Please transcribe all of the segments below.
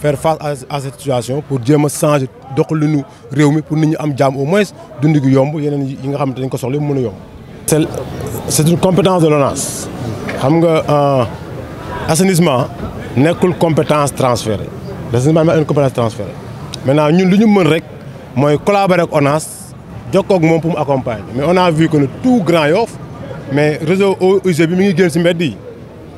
faire face à cette situation pour dire a changer doxalinu réew pour nous ñi am jàmm au moins dundigu yomb yeneen yi nga xam ne ko soxle mën yomb. c'est une compétence de l'ONAS xam nga euh, assainissement nekul compétence transférée l'assainissement est une compétence transférée maintenant ñun luñu mëne rek moy collaborer avec ONAS jokkoo ak mom pour m'accompagner mais on a vu que nous, tout Grand Yoff mais réseau OUG bi mi ngi gën ci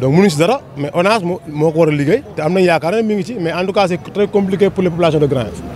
donc mënuñ ci dara mais ONAS moo ko war a liggéey te am nañ yaakaar ne mi ngi ci mais en tout cas c'est très compliqué pour les populations de Grand Yoff